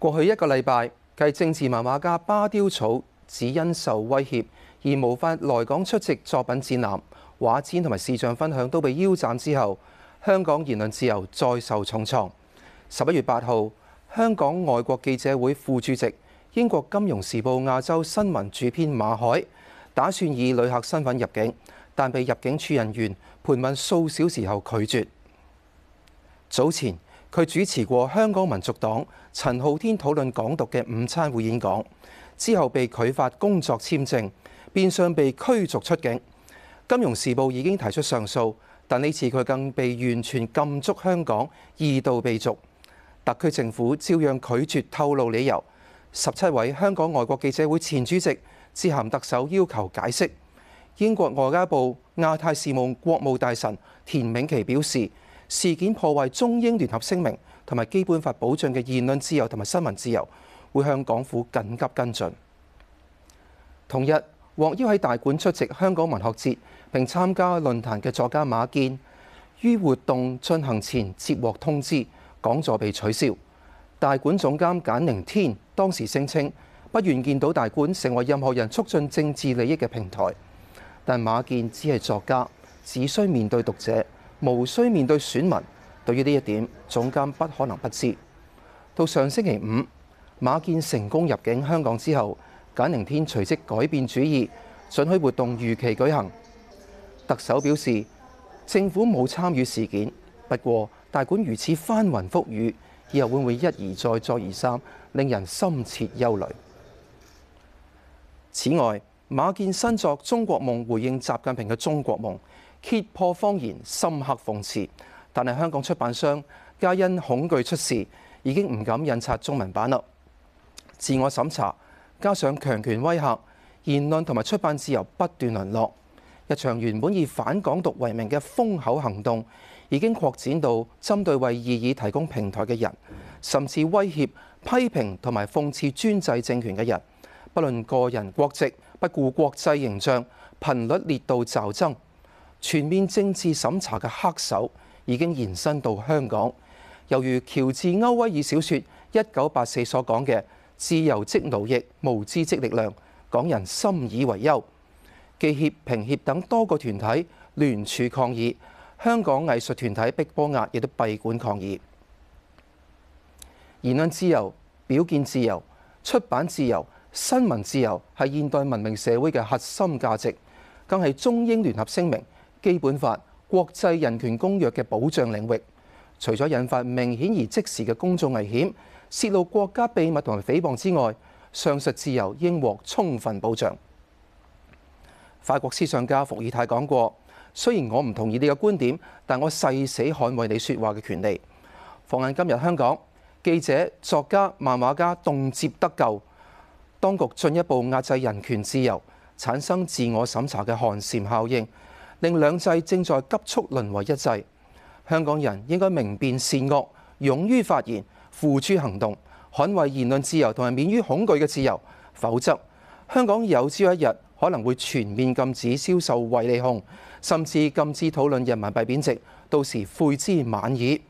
過去一個禮拜，繼政治漫畫家巴丟草只因受威脅而無法來港出席作品展覽、畫展同埋視像分享都被腰斬之後，香港言論自由再受重創。十一月八號，香港外國記者會副主席、英國《金融時報》亞洲新聞主編馬凱打算以旅客身份入境，但被入境處人員盤問數小時後拒絕。早前，佢主持過香港民族黨陳浩天討論港獨嘅午餐會演講，之後被拒發工作簽證，變相被驅逐出境。金融時報已經提出上訴，但呢次佢更被完全禁足香港，二度被逐。特區政府照樣拒絕透露理由。十七位香港外國記者會前主席致函特首要求解釋。英國外交部亞太事務國務大臣田永琪表示，事件破壞中英聯合聲明同埋基本法保障嘅言論自由同埋新聞自由，會向港府緊急跟進。同日，獲邀喺大館出席香港文學節並參加論壇嘅作家馬健，於活動進行前接獲通知，講座被取消。大館總監簡寧天當時聲稱，不願見到大館成為任何人促進政治利益嘅平台，但馬健只係作家，只需面對讀者。無需面對選民，對於呢一點總監不可能不知。到上星期五馬建成功入境香港之後，簡寧天隨即改變主意，准許活動如期舉行。特首表示政府冇參與事件，不過大館如此翻雲覆雨，以後會唔會一而再再而三，令人深切憂慮。此外，馬建新作《中國夢》回應習近平嘅《中國夢》。揭破謊言，深刻諷刺，但係香港出版商皆因恐懼出事，已經唔敢印刷中文版啦。自我審查加上強權威嚇，言論同埋出版自由不斷淪落。日場原本以反港獨為名嘅封口行動，已經擴展到針對為異議提供平台嘅人，甚至威脅批評同埋諷刺專制政權嘅人，不論個人國籍，不顧國際形象，頻率烈度驟增。全面政治審查嘅黑手已經延伸到香港。猶如喬治歐威爾小説《一九八四》所講嘅「自由即奴役，無知即力量」，港人深以為憂。記協、評協等多個團體聯署抗議，香港藝術團體碧波押亦都閉館抗議。言論自由、表現自由、出版自由、新聞自由係現代文明社會嘅核心價值，更係中英聯合聲明。基本法、國際人權公約嘅保障領域，除咗引發明顯而即時嘅公眾危險、泄露國家秘密同埋誹謗之外，上述自由應獲充分保障。法國思想家伏爾泰講過：「雖然我唔同意你嘅觀點，但我誓死捍衞你說話嘅權利。」放眼今日香港，記者、作家、漫畫家動輒得咎，當局進一步壓制人權自由，產生自我審查嘅寒蟬效應。令兩制正在急速淪為一制，香港人應該明辨善惡，勇於發言，付諸行動，捍衛言論自由同埋免於恐懼嘅自由。否則，香港有朝一日可能會全面禁止銷售惠利空，甚至禁止討論人民幣貶值，到時悔之晚矣。